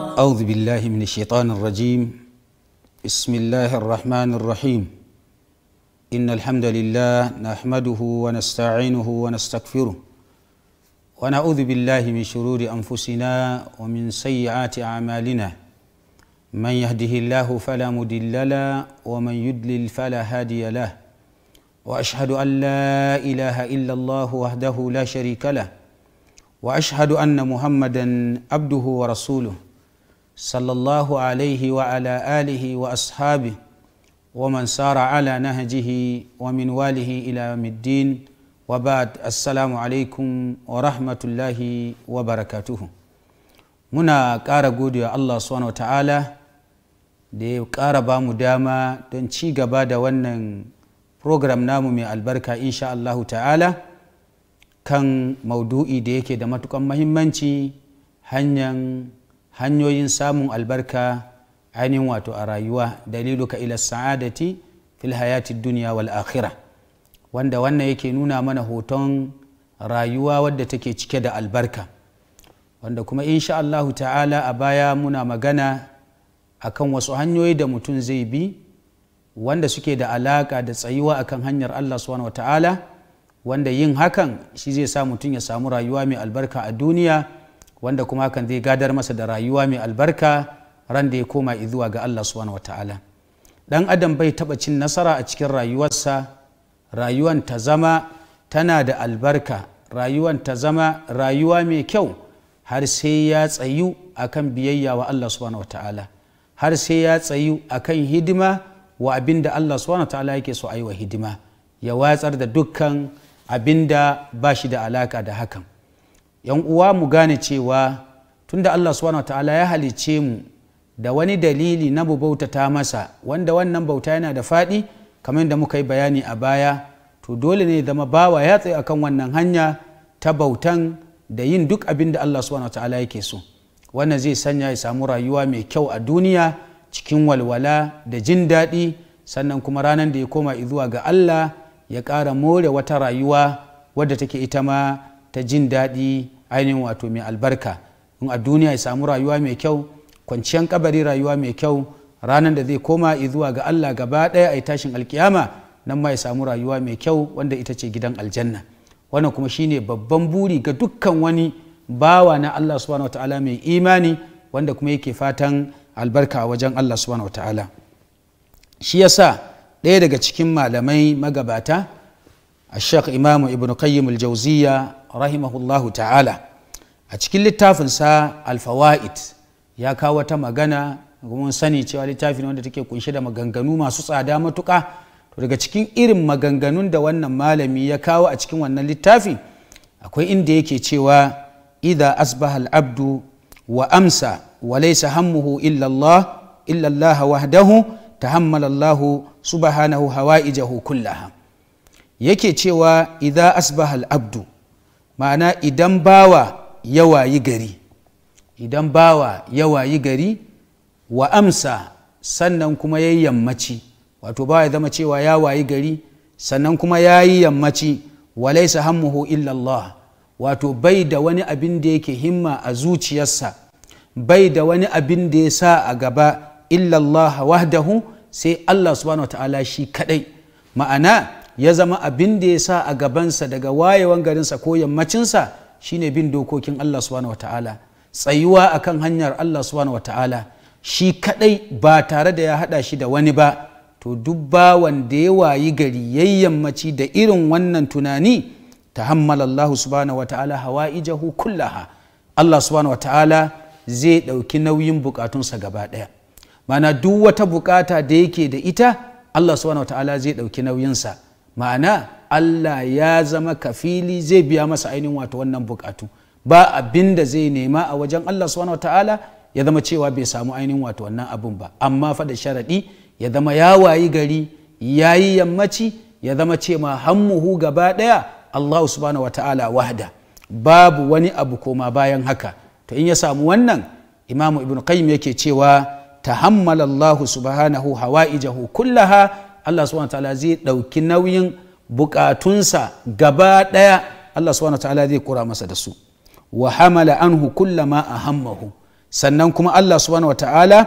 أعوذ بالله من الشيطان الرجيم بسم الله الرحمن الرحيم إن الحمد لله نحمده ونستعينه ونستغفره ونعوذ بالله من شرور أنفسنا ومن سيئات أعمالنا من يهده الله فلا مضل له ومن يضلل فلا هادي له واشهد ان لا اله الا الله وحده لا شريك له واشهد ان محمدا عبده ورسوله sallallahu alaihi wa ala alihi wa ashabi wa mansara ala nahajihi wa min walihi ila middin wa ba'ad assalamu alaikum wa rahmatullahi wa barakatuhu muna kara godiya Allah suwan ta'ala da ya kara ba mu dama don ci gaba da wannan program namu mai albarka insha Allah ta'ala kan maudu'i da yake da matukan mahimmanci hanyar hanyoyin samun albarka ainihin wato a rayuwa dalilu ka ila sa'adati fil hayati duniya wal akhira wanda wannan yake nuna mana hoton rayuwa wadda take cike da albarka wanda kuma insha Allahu ta'ala a baya muna magana akan wasu hanyoyi da mutum zai bi wanda suke da alaka da tsayuwa akan hanyar Allah subhanahu wa ta'ala wanda yin hakan shi zai sa mutum ya samu rayuwa mai albarka a duniya wanda kuma hakan zai gadar masa da rayuwa mai albarka ran da ya koma zuwa ga Allah subhanahu wataala dan adam bai taba cin nasara a cikin rayuwarsa rayuwan ta zama tana da albarka rayuwan ta zama rayuwa mai kyau har sai ya tsayu akan biyayya wa Allah subhanahu wataala har sai ya tsayu akan hidima wa abin da Allah subhanahu wataala yake so a yi wa hidima ya watsar da dukkan abin da ba shi da alaka da hakan yan uwa mu gane cewa tunda Allah subhanahu ta'ala ya halice mu da wani dalili na mu bautata masa wanda wannan bauta yana da faɗi kamar da muka yi bayani a baya to dole ne zama bawa ya tsaye akan wannan hanya ta bautan da yin duk abin da Allah subhanahu ta'ala yake so wannan zai sanya ya samu rayuwa mai kyau a duniya cikin walwala da jin daɗi sannan kuma ranar da ya koma zuwa ga Allah ya ƙara more wata rayuwa wadda take ita ma ta jin daɗi ainihin wato mai albarka in a duniya ya samu rayuwa mai kyau kwanciyar kabari rayuwa mai kyau ranar da zai koma zuwa ga allah gaba ɗaya a yi tashin alkiyama nan ma ya samu rayuwa mai kyau wanda ita ce gidan aljanna wannan kuma shine babban buri ga dukkan wani bawa na allah subhanahu wataala mai imani wanda kuma yake fatan albarka a wajen allah subhanahu wataala shi yasa ɗaya daga cikin malamai magabata a shek imamu ibn qayyim al rahimahullahu ta'ala a cikin littafin sa alfawa'id ya kawo wata magana mun sani cewa littafin wanda take kunshe da maganganu masu tsada matuka to daga cikin irin maganganun da wannan malami ya kawo a cikin wannan littafin. akwai inda yake cewa idha asbaha abdu wa amsa wa laysa hammuhu illa Allah illa Allah wahdahu tahammala hawa ija hawaijahu kullaha yake cewa idha asbaha abdu ma'ana idan bawa ya wayi gari idan bawa ya wayi gari wa amsa sannan kuma ya yi yammaci wato bawa ya zama cewa ya wayi gari sannan kuma ya yi yammaci walaisa hammuhu illallah wato bai da wani abin da yake himma a zuciyarsa bai da wani abin da ya sa a gaba illallah wahdahu sai Allah subhanahu wa ta'ala shi kadai ma'ana ya zama abin da ya sa a gabansa daga wayewan garinsa ko yammacinsa shine bin dokokin Allah subhanahu wata'ala tsayuwa akan hanyar Allah subhanahu wata'ala shi kadai ba tare da ya hada shi da wani ba to duk bawan ya wayi gari yammaci da irin wannan tunani tahammala Allah subhanahu wata'ala hawaijahu kullaha Allah subhanahu wata'ala zai dauki nauyin bukatunsa gaba daya mana duk wata bukata da yake da ita Allah subhanahu wata'ala zai dauki nauyinsa ma'ana allah ya zama kafili zai biya masa ainihin wato wannan bukatu ba abin da zai nema a wajen allah subhanahu ya zama cewa bai samu ainihin wato wannan abin ba amma faɗa sharaɗi ya zama ya wayi gari ya yi yammaci ya zama ce ma hammuhu gaba ɗaya allah subhanahu ta'ala wahda babu wani abu koma bayan haka to in ya samu wannan imamu ibn qayyim yake cewa tahammalallahu subhanahu hawaijahu kullaha Allah subhanahu ta'ala zai ɗauki nauyin bukatunsa gaba ɗaya Allah subhanahu ta'ala zai kura masa da su wa hamala anhu kullama ahammahu sannan kuma Allah subhanahu ta'ala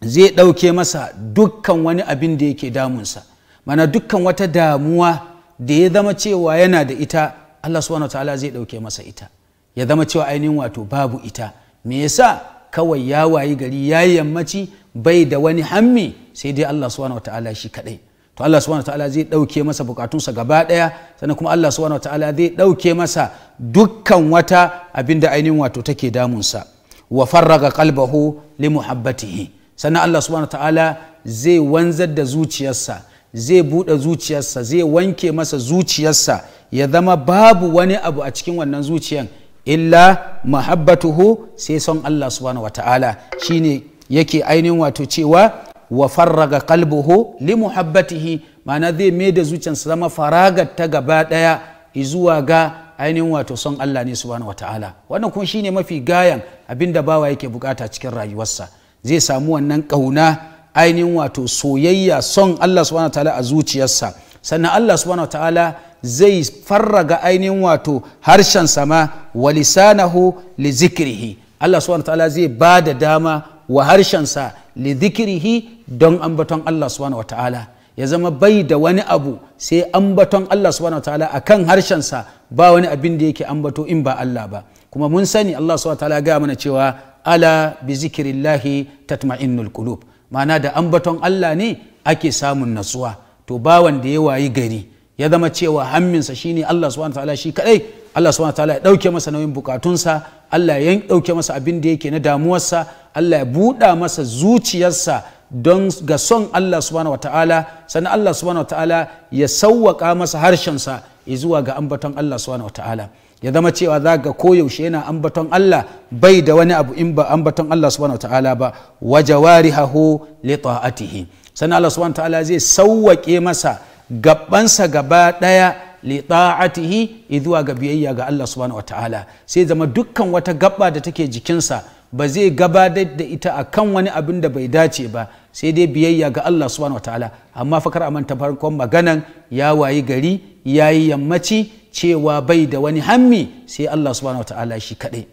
zai ɗauke masa dukkan wani abin da yake damunsa mana dukkan wata damuwa da ya zama cewa yana da ita Allah subhanahu ta'ala zai ɗauke masa ita ya zama cewa ainihin wato babu ita me yasa kawai ya wayi gari ya yammaci bai da wani hammi sai dai Allah subhanahu wataala shi kadai to Allah subhanahu wataala zai dauke masa bukatunsa gaba daya sannan kuma Allah subhanahu wataala zai dauke masa dukkan wata abinda ainihin wato take damunsa wa farraga qalbahu li muhabbatihi sannan Allah subhanahu wataala zai wanzar da zuciyarsa zai bude zuciyarsa zai wanke masa zuciyarsa ya zama babu wani abu a cikin wannan zuciyan illa mahabbatuhu sai son Allah subhanahu wataala shine yake ainihin wato cewa wa farraga kalbuhu li muhabbatihi ma'ana zai mai da zuciyarsa zama faragar ta gaba daya zuwa ga ainihin wato son Allah ne subhanahu wataala wannan kuma shine mafi gayan abinda bawa yake bukata cikin rayuwarsa zai samu wannan kauna ainihin wato soyayya son Allah subhanahu wataala a zuciyarsa sannan Allah subhanahu wataala zai farraga ainihin wato harshen sama wa lisanahu li zikrihi Allah subhanahu wataala zai ba da dama wa harshensa li dhikrihi don ambaton Allah subhanahu wataala ya zama bai da wani abu sai ambaton Allah subhanahu wataala akan harshensa ba wani abin da yake ambato in ba Allah ba kuma mun sani Allah subhanahu wataala ga mana cewa ala bi zikrillahi tatma'innul qulub ma'ana da ambaton Allah ne ake samun natsuwa to ba wanda ya wayi gari ya zama cewa hamminsa shine Allah subhanahu wataala shi kadai Allah subhanahu wataala ya dauke masa nauyin bukatunsa Allah ya dauke masa abin da yake na damuwarsa Allah ya buɗa masa zuciyarsa don ga son Allah subhanahu wata'ala sannan Allah subhanahu wata'ala ya sauwaƙa masa harshensa zuwa ga ambaton Allah subhanahu wata'ala ya zama cewa za ga koyaushe yana ambaton Allah bai da wani abu in ba ambaton Allah subhanahu wata'ala ba wa hahu li ta'atihi sannan Allah subhanahu wata'ala zai sauwaƙe masa gabansa gaba ɗaya lita'atihi zuwa ga biyayya ga Allah subhanahu wataala sai zama dukkan wata gaba da take jikinsa ba zai gabatar da ita a kan wani abin da bai dace ba sai dai biyayya ga Allah subhanahu ta'ala amma fakar a manta farkon maganan ya wayi gari ya yi yammaci cewa bai da wani hammi sai Allah subhanahu ta'ala shi kaɗai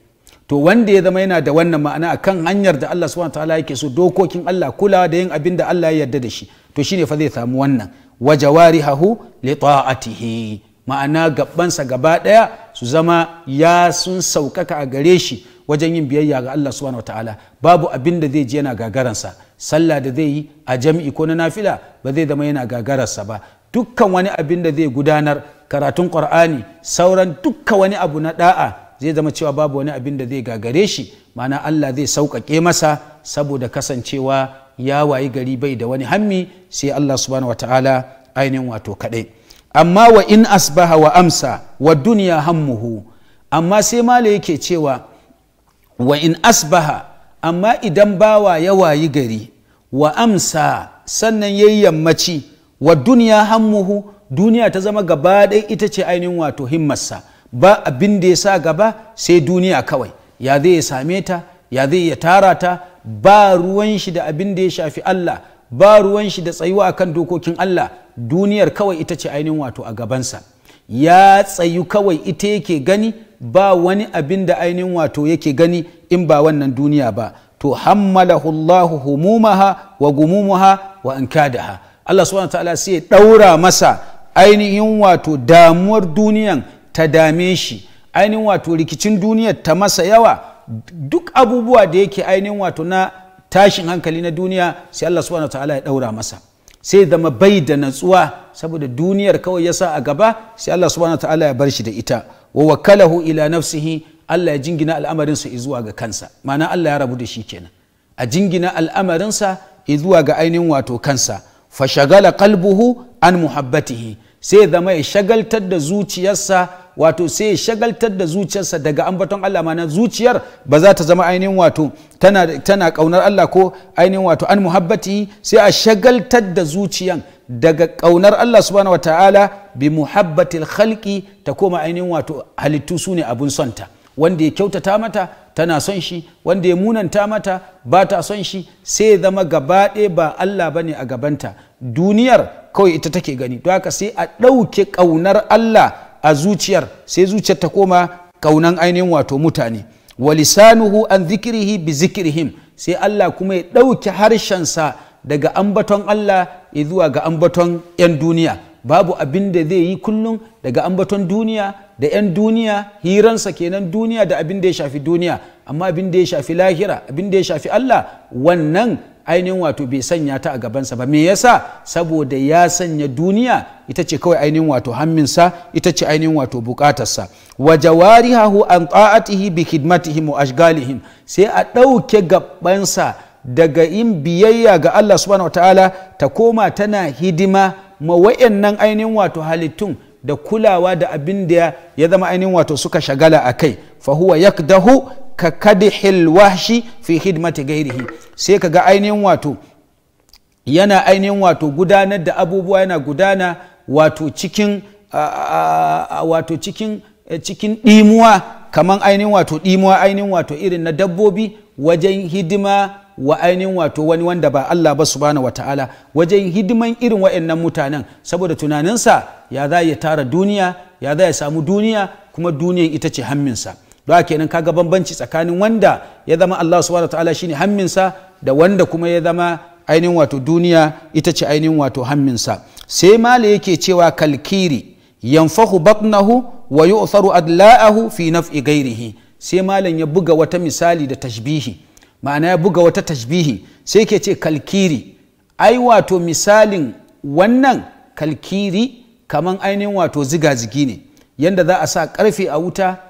to wanda ya zama yana da wannan ma'ana a kan hanyar da Allah subhanahu ta'ala yake so dokokin Allah kula da yin abin da Allah ya yarda da shi to shine fa zai samu wannan wa jawarihahu li ta'atihi ma'ana gabansa gaba ɗaya su zama ya sun saukaka a gare shi wajen yin biyayya ga Allah subhanahu wataala babu abin da zai ji yana gagaransa sallah da zai yi a jami'i ko na nafila ba zai zama yana gagararsa ba dukkan wani abin da zai gudanar karatun qur'ani sauran dukkan wani abu na da'a zai zama cewa babu wani abin da zai gagare shi ma'ana Allah zai sauƙaƙe masa saboda kasancewa ya wayi gari bai da wani hammi sai Allah subhanahu wataala ainihin wato kaɗai amma wa in asbaha wa amsa wa duniya hammuhu amma sai mala yake cewa wa in asbaha amma idan bawa ya wayi gari wa amsa sannan ya yi yammaci wa duniya hammuhu duniya ta zama gaba ɗaya ita ce ainihin wato himmarsa ba abin da ya sa gaba sai duniya kawai ya zai ya same ta ya zai ya tara ta ba ruwan shi da abin da ya shafi Allah ba ruwan shi da tsayuwa kan dokokin Allah duniyar kawai ita ce ainihin wato a gabansa ya tsayu kawai ita yake gani ba wani abin da ainihin wato yake gani in ba wannan duniya ba to hammalahu Allahu humumaha wa gumumaha wa inkadaha Allah subhanahu ta'ala sai ya daura masa ainihin wato damuwar duniyan ta dame shi ainihin wato rikicin duniya ta masa yawa duk abubuwa da yake ainihin wato na tashin hankali na duniya sai Allah subhanahu ta'ala ya daura masa sai zama bai da natsuwa saboda duniyar kawai ya sa a gaba sai Allah subhanahu ta'ala ya bar shi da ita wa wakalahu ila nafsihi Allah ya jingina al'amarinsa zuwa ga kansa ma'ana Allah ya rabu da shi kenan a jingina al'amarinsa zuwa ga ainihin wato kansa fa shagala qalbuhu an muhabbatihi sai zama ya shagaltar da zuciyarsa wato sai ya shagaltar da zuciyarsa daga ambaton Allah mana zuciyar ba za ta zama ainihin wato tana tana kaunar Allah ko ainihin wato an muhabbati sai a shagaltar da zuciyan daga kaunar Allah subhanahu wataala bi muhabbatil khalqi ta koma ainihin wato halittu sune abun sonta wanda ya kyautata mata tana son shi wanda ya munanta mata ba ta son shi sai ya zama gaba ɗaya ba Allah bane a gabanta duniyar kawai ita take gani don haka sai a ɗauke ƙaunar Allah a zuciyar sai zuciyar ta koma kaunan ainihin wato mutane walisanuhu an zikirihi bi zikirihim sai Allah kuma ya ɗauki harshensa daga ambaton Allah ya zuwa ga ambaton 'yan duniya babu abin da zai yi kullum daga ambaton duniya da 'yan duniya hiransa kenan duniya da abin da ya shafi duniya amma abin da ya shafi lahira abin da ya shafi Allah wannan ainihin wato bai sanya ta a gabansa ba me yasa saboda ya sanya duniya ita ce kawai ainihin wato hamminsa ita ce ainihin wato bukatarsa wa hahu an ta'atihi bi khidmatihim wa ashgalihim sai a ɗauke gabansa daga in biyayya ga Allah subhanahu wataala ta koma tana hidima ma wayannan ainihin wato halittun da kulawa da abin da ya zama ainihin wato suka shagala a kai fa huwa yakdahu ka kadihil wahshi fi hidmati gairihi sai ka ga ainihin wato yana ainihin wato gudanar da abubuwa yana gudana wato cikin wato cikin eh, cikin ɗimuwa kaman ainihin wato dimuwa ainihin wato irin na dabbobi wajen hidima wa ainihin wato wani wanda ba Allah ba subhanahu wataala wajen hidiman irin wa'annan mutanen saboda tunaninsa ya za ya tara duniya ya za ya samu duniya kuma duniyan ita ce hamminsa don kenan kaga bambanci tsakanin wanda ya zama Allah subhanahu ta'ala shine hamminsa da wanda kuma ya zama ainihin wato duniya ita ce ainihin wato hamminsa sai mala yake cewa kalkiri yanfahu batnahu wa yu'tharu adla'ahu fi naf'i ghairihi sai malam ya buga wata misali da tashbihi ma'ana ya buga wata tashbihi sai ke ce kalkiri ai wato misalin wannan kalkiri kaman ainihin wato ziga-zigi ne yanda za a sa karfe a wuta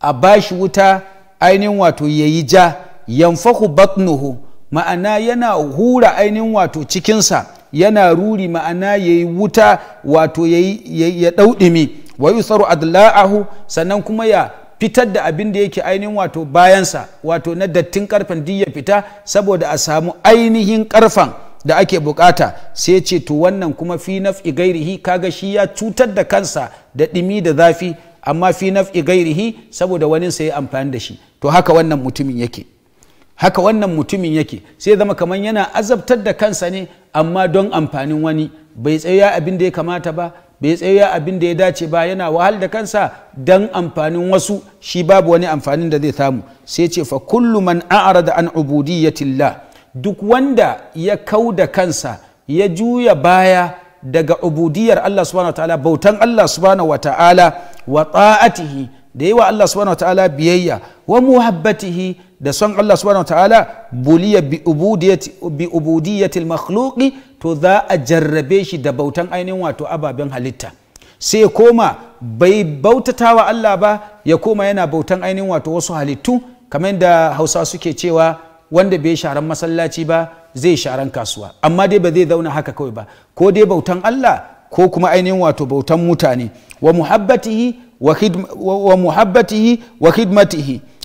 a bashi wuta ainihin wato ya yi ja yanfahu batnuhu ma'ana yana hura ainihin wato cikinsa yana ruri ma'ana ya yi wuta wato ya ɗauɗimi wa tsaro adla'ahu sannan kuma ya fitar da abin da yake ainihin wato bayansa wato na dattin karfen duk ya fita saboda a samu ainihin karfen da ake bukata sai ce to wannan kuma fi naf'i gairihi kaga shi ya cutar da kansa da ɗimi da zafi amma fi naf'i gairihi saboda wani sai ya amfani da shi to haka wannan mutumin yake haka wannan mutumin yake sai zama kamar yana azabtar da kansa ne amma don amfanin wani bai tsaya abin da ya kamata ba bai tsaya abin da ya dace ba yana wahal da kansa don amfanin wasu shi babu wani amfanin da zai samu sai ce fa kullu man a'rada an ubudiyyatillah duk wanda ya kau da kansa ya juya baya daga ubudiyar Allah subhanahu wataala bautan Allah subhanahu wataala wa ta'atihi da yi wa Allah subhanahu ta'ala biyayya wa muhabbatihi da son Allah subhanahu ta'ala buliya bi ubudiyatil makhluqi to za a jarrabe shi da bautan ainihin wato ababen halitta sai koma bai bautata wa Allah ba ya koma yana bautan ainihin wato wasu halittu kamar da Hausa suke cewa wanda bai sharan masallaci ba zai sharan kasuwa amma dai ba zai zauna haka kawai ba ko dai bautan Allah ko kuma ainihin wato bautan mutane wa muhabbatihi wa,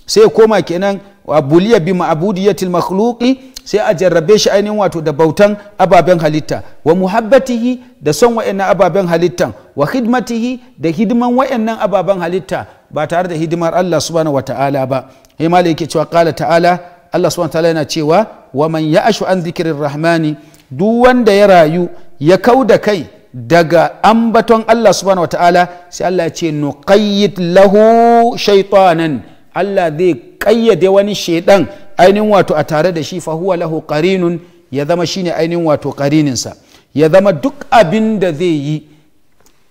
sai koma kenan wa buliya bi ma'budiyatil makhluqi sai a jarrabe shi ainihin wato da bautan ababen halitta wa muhabbatihi da son wa'annan ababen halittan wa khidmatihi da hidiman wa'annan ababen halitta ba tare da hidimar Allah subhanahu wata'ala ba sai malai yake cewa qala ta'ala Allah subhanahu wata'ala yana cewa wa man ya'ashu an dhikrir rahmani duk wanda ya rayu ya kauda kai daga ambaton Allah subhanahu wataala sai Allah ya ce nuqayyid lahu shaytanan Allah zai kayyade wani shaidan ainihin wato a tare da shi fahuwa lahu qarinun ya zama shine ainihin wato qarininsa ya zama duk abin da zai yi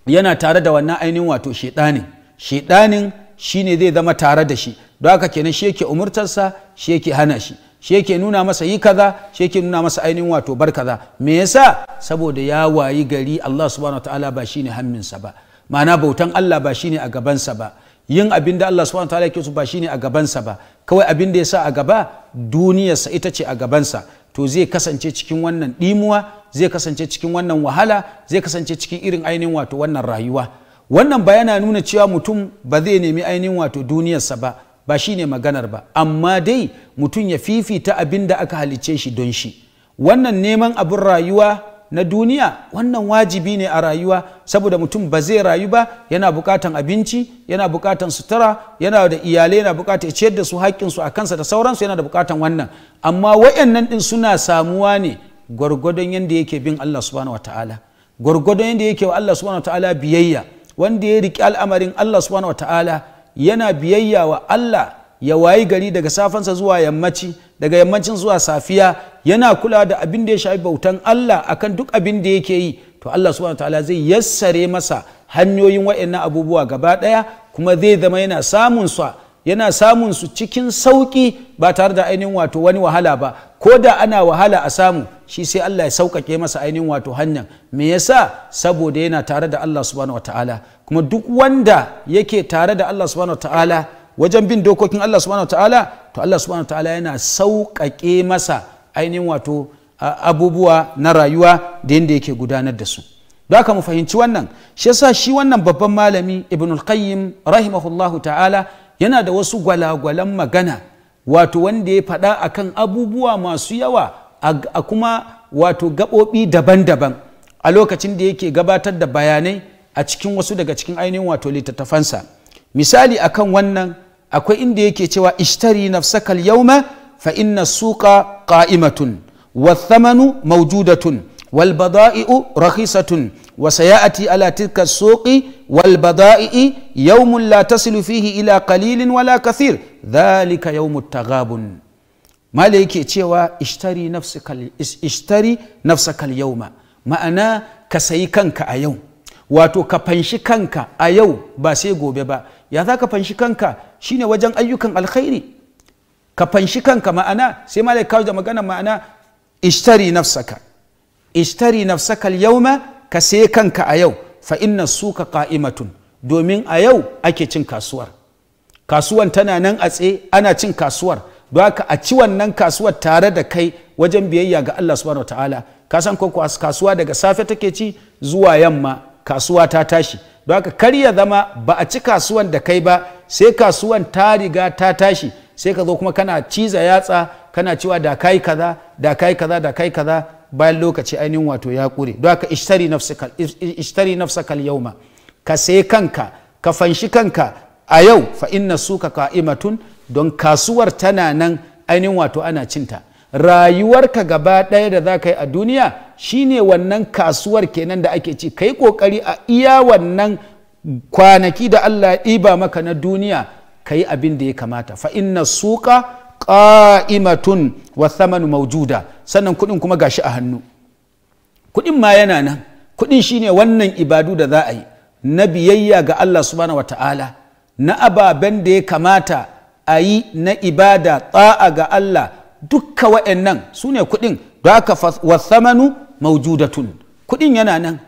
yana tare da wannan ainihin wato shaidanin shaidanin shine zai zama tare da shi don haka kenan shi yake umurtarsa shi yake hana shi shi yake nuna masa yi kaza shi yake nuna masa ainihin wato bar kaza me yasa saboda ya wayi gari Allah subhanahu wataala ba shine hamminsa ba ma'ana bautan Allah ba shine a gabansa ba yin abin da Allah subhanahu wataala yake so ba shine a gabansa ba kawai abin da yasa a gaba duniyarsa ita ce a gabansa to zai kasance cikin wannan dimuwa zai kasance cikin wannan wahala zai kasance cikin irin ainihin wato wannan rayuwa wannan ba yana nuna cewa mutum ba zai nemi ainihin wato duniyarsa ba ba shi ne maganar ba amma dai mutum ya fifita abin da aka halicce shi don shi wannan neman abin rayuwa na duniya wannan wajibi ne a rayuwa saboda mutum ba zai rayu ba yana bukatan abinci yana bukatan sutura yana da iyalai yana bukatan ya ciyar da su haƙƙinsu a kansa da sauransu yana da bukatan wannan amma wayannan din suna samuwa ne gwargwadon yadda yake bin Allah subhanahu wataala gwargwadon yadda yake wa Allah subhanahu wataala biyayya wanda ya riƙe al'amarin Allah subhanahu wataala yana biyayya wa Allah ya wayi gari daga safansa zuwa yammaci daga yammacin zuwa safiya yana kula da abin da ya shafi bautan Allah akan duk abin da yake yi to Allah subhanahu ta'ala zai yassare masa hanyoyin wa'annan abubuwa gaba daya kuma zai zama yana samun sa yana samun su cikin sauƙi ba tare da ainihin wato wani wahala ba ko da ana wahala a samu shi sai Allah ya sauƙaƙe masa ainihin wato hanyar me yasa saboda yana tare da Allah subhanahu wataala kuma duk wanda yake tare da Allah subhanahu wataala wajen bin dokokin Allah subhanahu wataala to Allah subhanahu wataala yana sauƙaƙe masa ainihin wato abubuwa na rayuwa da yadda yake gudanar da su da haka mu fahimci wannan shi yasa shi wannan babban malami ibnul qayyim rahimahullahu ta'ala yana da wasu gwalagwalan magana wato wanda ya faɗa akan abubuwa masu yawa a kuma wato gaɓoɓi daban-daban a lokacin da yake gabatar da bayanai a cikin wasu daga cikin ainihin wato littattafansa misali akan wannan akwai inda yake cewa ishtari nafsakal yauma fa inna suqa qa'imatun wa thamanu mawjudatun والبضائع رخيصة وسيأتي على تلك السوق والبضائع يوم لا تصل فيه إلى قليل ولا كثير ذلك يوم التغاب ما ليك تشوى اشتري نفسك اشتري نفسك اليوم ما أنا كسيكنك أيوم واتو كبنشكنك أيوم باسيقو ببا يذا كبنشكنك شيني وجن أيوكن الخيري كبنشكنك ما أنا سيما لكاوز مغانا ما أنا اشتري نفسك ishtari nafsaka yauma ka sai kanka a yau fa inna suka qa'imatun domin a yau ake cin kasuwar kasuwan tana nan a tsaye ana cin kasuwar don haka a ci wannan kasuwar tare da kai wajen biyayya ga Allah subhanahu wataala ka san ko kasuwa daga safe take ci zuwa yamma kasuwa ta tashi don haka kar ya zama ba a ci kasuwan da kai ba sai kasuwan ta riga ta tashi sai ka zo kuma kana ciza yatsa kana cewa da kai kaza da kai kaza da kai kaza bayan lokaci ainihin wato ya ƙure don haka ishtari yau yauma ka sai kanka ka fanshi kanka a yau fa inna suka ka'imatun don kasuwar tana nan ainihin wato ana cinta rayuwarka gaba ɗaya da za ka yi a duniya shine wannan kasuwar kenan da ake ci ka yi ƙoƙari a iya wannan kwanaki da allah ya ɗiba maka na duniya ka yi abin da ya kamata fa inna suka ka'imatun wa thamanu maujuda sannan kuɗin kuma gashi a hannu kuɗin ma yana nan kuɗin shine wannan ibadu da za a yi na biyayya ga Allah subhanahu na ababen da ya kamata a yi na ibada ta'a ga Allah dukka wa'annan su ne kuɗin da aka wasamanu maujudatun kuɗin yana nan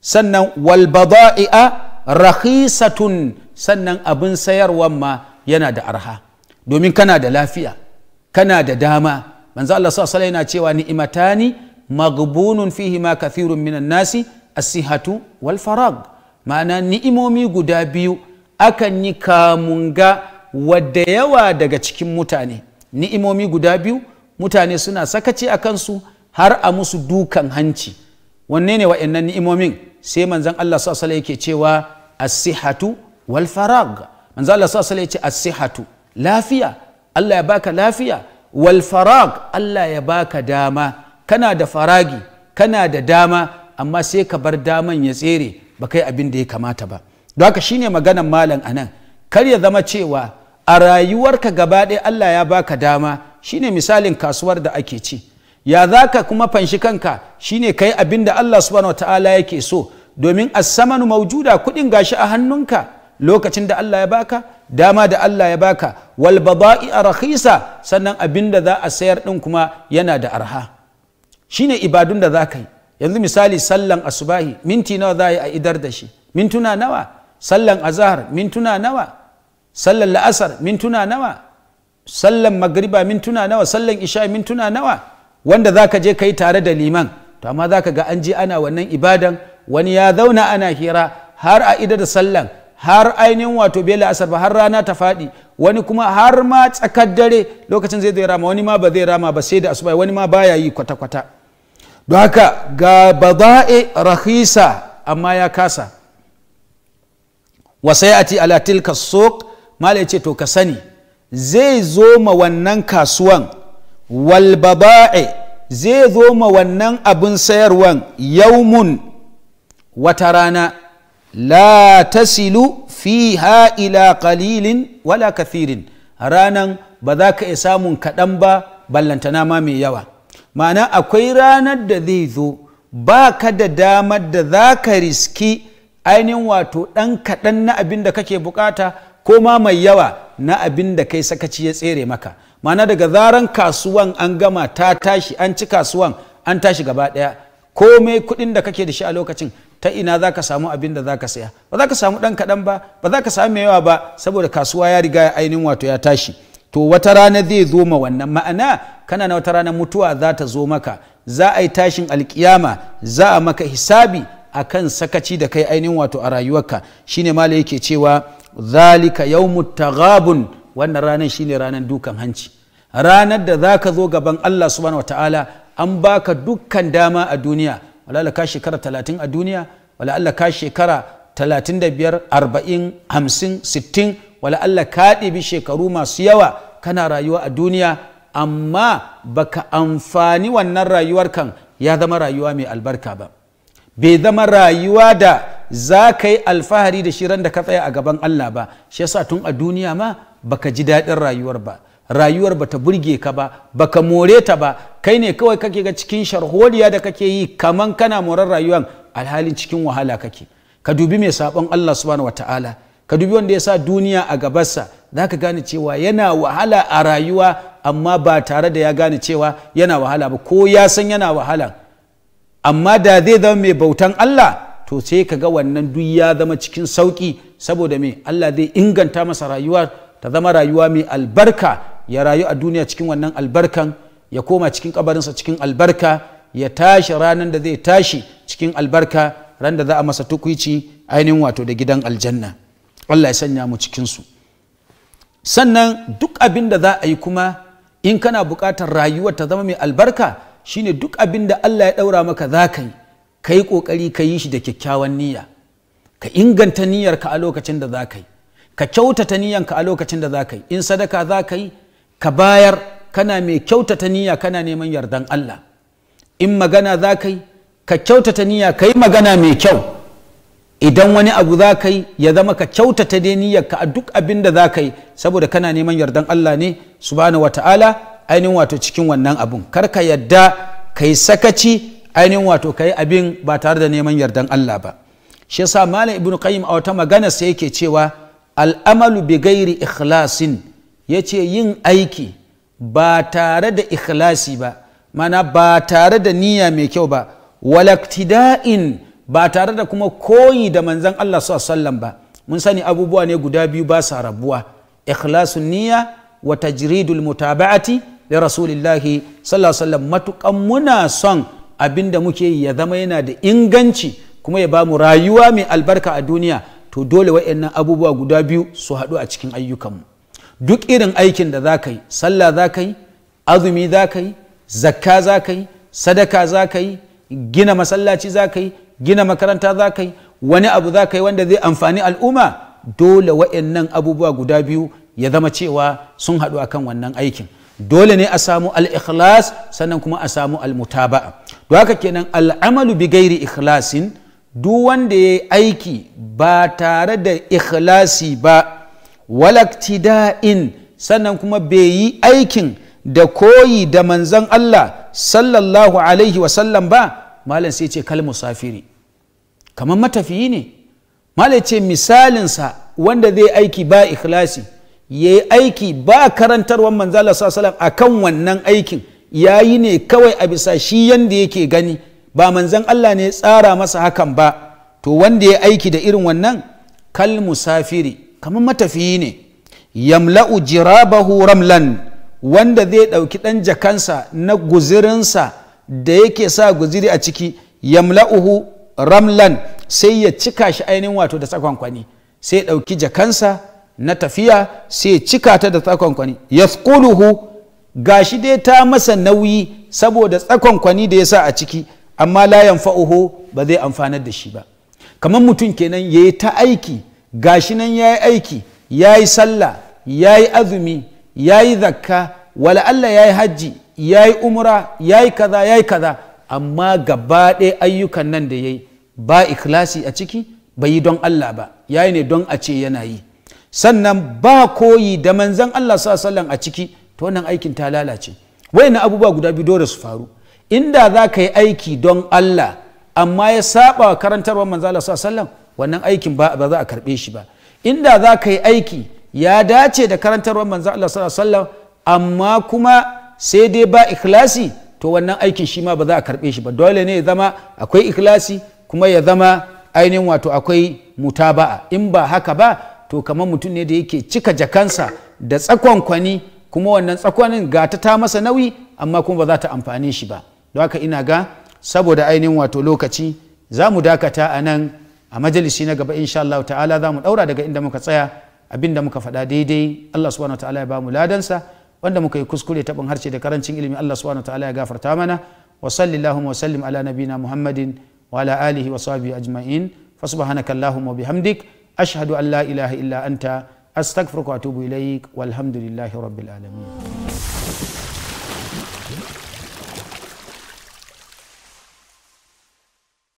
sannan walbada'i'a rahisatun sannan abin sayarwa ma yana da arha domin kana da lafiya kana da dama manzo Allah sallallahu alaihi yana cewa ni'matani maghbunun fihi ma kathirun minan nasi as-sihhatu wal farag ma'ana ni'imomi guda biyu akan yi kamunga wadda yawa daga cikin mutane ni'imomi guda biyu mutane suna sakaci a kansu har a musu dukan hanci wanne ne wa'annan ni'imomin sai manzon Allah sallallahu alaihi yake cewa asihatu sihhatu wal farag manzo Allah sallallahu alaihi ce as-sihhatu lafiya Allah ya baka lafiya wal farag Allah ya baka dama kana da faragi kana da dama amma sai ka bar daman ya tsere ba kai abin da ya kamata ba don haka shine maganan malam anan kar ya zama cewa a rayuwarka gaba ɗaya Allah ya baka dama shine misalin kasuwar da ake ci ya za ka kuma fanshi kanka shine kai abin da Allah subhanahu ta'ala yake so domin asamanu maujuda kuɗin gashi a hannunka lokacin da Allah ya baka dama da Allah ya baka wal bada'i a rahisa sannan abin da za a sayar din kuma yana da arha shine ibadun da za ka yi yanzu misali sallan asubahi minti nawa za a yi a idar da shi mintuna nawa sallan azahar mintuna nawa sallan la'asar mintuna nawa sallan magriba mintuna nawa sallan isha mintuna nawa wanda za ka je ka yi tare da liman to amma za ka ga an je ana wannan ibadan wani ya zauna ana hira har a idar da sallan har ainihin wato bela asar ba har rana ta faɗi wani kuma har ma tsakar dare lokacin zai zai rama wani ma ba zai rama ba sai da asuba wani ma baya yi kwata-kwata don haka ga baza'i rahisa amma ya kasa ati ala tilka suq malai ce to ka sani zai zo ma wannan kasuwan wal baba'i zai zo ma wannan abin sayarwan yau mun wata rana la tasilu fiha ila qalilin wala kathirin ranan ba za ka iya samun kaɗan ba ballantana ma mai yawa ma'ana akwai ranar da zai zo ba ka da damar da za ka riski ainihin wato ɗan kaɗan na abin da kake bukata ko ma mai yawa na abin da kai sakaci ya tsere maka ma'ana daga zaran kasuwan an gama ta tashi an ci kasuwan an tashi gaba ɗaya komai kuɗin da kake da shi a lokacin ta ina za ka samu abin da za ka saya ba za ka samu ɗan kaɗan ba ba za ka samu mai yawa ba saboda kasuwa ya riga ya ainihin wato ya tashi to wata rana zai zo ma wannan ma'ana kana na wata rana mutuwa za ta zo maka za a yi tashin alkiyama za a maka hisabi a kan sakaci da kai ainihin wato a rayuwarka shine mala yake cewa zalika yau tagabun wannan ranar shine ranar dukan hanci ranar da za ka zo gaban Allah subhanahu ta'ala an baka dukkan dama a duniya wala ka shekara talatin a duniya wala shekara talatin da biyar arba'in hamsin sittin wala Allah ka shekaru masu yawa kana rayuwa a duniya amma baka amfani wannan rayuwar kan ya zama rayuwa mai albarka ba bai zama rayuwa da za ka yi alfahari da shirin da ka tsaya a gaban Allah ba shi yasa tun a duniya ma baka ji daɗin rayuwar ba rayuwar bata burge ka ba baka more ta ba kai ne kawai kake ga cikin sharholiya da kake yi kaman kana morar rayuwan alhalin cikin wahala kake ka dubi mai sabon Allah subhanahu wataala ka dubi wanda ya sa duniya a gabarsa za ka gane cewa yana wahala a rayuwa amma ba tare da ya gane cewa yana wahala ba ko ya san yana wahala amma da zai zama mai bautan Allah to sai ka ga wannan duk ya zama cikin sauki saboda me Allah zai inganta masa rayuwa ta zama rayuwa mai albarka ya rayu a duniya cikin wannan albarkan ya koma cikin kabarinsa cikin albarka ya tashi ranar da zai tashi cikin albarka ran da za a masa tukwici ainihin wato da gidan aljanna Allah ya sanya mu cikinsu sannan duk abin da za a yi kuma in kana buƙatar rayuwa ta zama mai albarka shine duk abin da Allah ya ɗaura maka za ka yi ka yi ƙoƙari ka yi shi da kyakkyawan niyya ka inganta niyyarka a lokacin da za ka yi ka kyautata niyyanka a lokacin da za ka yi in sadaka za ka yi ka bayar kana mai kyautata niyya kana neman yardan Allah in magana za ka yi ka kyautata niyya ka yi magana mai kyau idan wani abu za ka yi ya zama ka kyautata dai ka a duk abin da za ka yi saboda kana neman yardan Allah ne subhanahu wata'ala ainihin wato cikin wannan abun kar ka yadda ka yi sakaci ainihin wato ka yi abin ba tare da neman yardan Allah ba shi yasa malam ibnu qayyim a wata magana sai yake cewa al'amalu bi ghairi ikhlasin ya ce yin aiki ba tare da ikhlasi ba mana ba tare da niyya mai kyau ba walaktida'in ba tare da kuma koyi da manzan Allah sallam ba mun sani abubuwa ne guda biyu ba sa rabuwa ikhlasun niyya wa tajridul mutaba'ati da rasulillahi sallallahu matukan muna son abin da muke ya zama yana da inganci kuma ya bamu rayuwa mai albarka a duniya to dole wa'annan abubuwa guda biyu su haɗu a cikin ayyukanmu duk irin aikin da za ka yi sallah za ka yi azumi za ka yi zakka za ka yi sadaka za ka yi gina masallaci za ka yi gina makaranta za ka yi wani abu za ka yi wanda zai amfani al'umma dole wa'annan abubuwa guda biyu ya zama cewa sun haɗu akan wannan aikin dole ne a samu al-ikhlas sannan kuma a samu al-mutaba'a don haka kenan al'amalu bi gairi ikhlasin duk wanda ya yi aiki ba tare da ikhlasi ba da'in sannan kuma bai yi aikin da koyi da manzan Allah sallallahu alaihi wasallam ba malam sai ce kal musafiri kamar matafiyi ne malam ce misalinsa wanda zai aiki ba ikhlasi ya yi aiki ba karantarwar manzan Allah sallallahu alaihi akan wannan aikin ya yi ne kawai a bisa shi yanda yake gani ba manzan Allah ne tsara masa hakan ba to wanda ya aiki da irin wannan kalmu safiri kamar matafiyi ne yamla'u jirabahu ramlan wanda zai ɗauki ɗan jakansa na guzirinsa da yake sa guziri a ciki yamla'uhu ramlan sai ya cika shi ainihin wato da tsakon sai ya ɗauki jakansa na tafiya sai ya cika ta da tsakon kwani ga gashi dai ta masa nauyi saboda tsakon da ya sa a ciki amma layan fauhu ba zai amfanar da shi ba kamar mutum kenan ya yi ta aiki gashi nan ya yi aiki ya yi sallah ya yi azumi ya yi zakka wala Allah ya yi hajji ya yi umra ya yi kaza ya yi kaza amma gaba ɗaya ayyukan nan da ya yi ba ikhlasi a ciki bai yi don Allah ba ya yi ne don a ce yana yi sannan ba koyi da manzan Allah sallan a ciki to wannan aikin ta lalace Wai na abubuwa guda biyu dole su faru inda za ka yi aiki don Allah amma ya saba karantarwa karantarwar manzan Allah sallan wannan aikin ba za a karɓe shi ba inda za ka yi aiki ya dace da karantarwar manzo Allah sallallahu alaihi wasallam amma kuma sai dai ba ikhlasi to wannan aikin shi ma ba za a karɓe shi ba dole ne ya zama akwai ikhlasi kuma ya zama ainihin wato akwai mutaba'a in ba haka ba to kamar mutum ne da yake cika jakansa da tsakon kwani kuma wannan tsakonin gata ta masa nauyi amma kuma ba za ta amfane shi ba don haka ina ga saboda ainihin wato lokaci za mu dakata a nan a majalisi na gaba insha Allah ta'ala za mu daura daga inda muka tsaya abinda muka faɗa daidai Allah subhanahu ta'ala ya ba mu ladansa wanda muka yi kuskure taɓin harshe da karancin ilimi Allah subhanahu ta'ala ya gafarta mana wa sallallahu wa sallim ala nabina Muhammadin wa ala alihi wa sahbihi ajma'in fa subhanaka allahumma wa bihamdik ashhadu an la ilaha illa anta astaghfiruka wa atubu ilaik walhamdulillahi rabbil alamin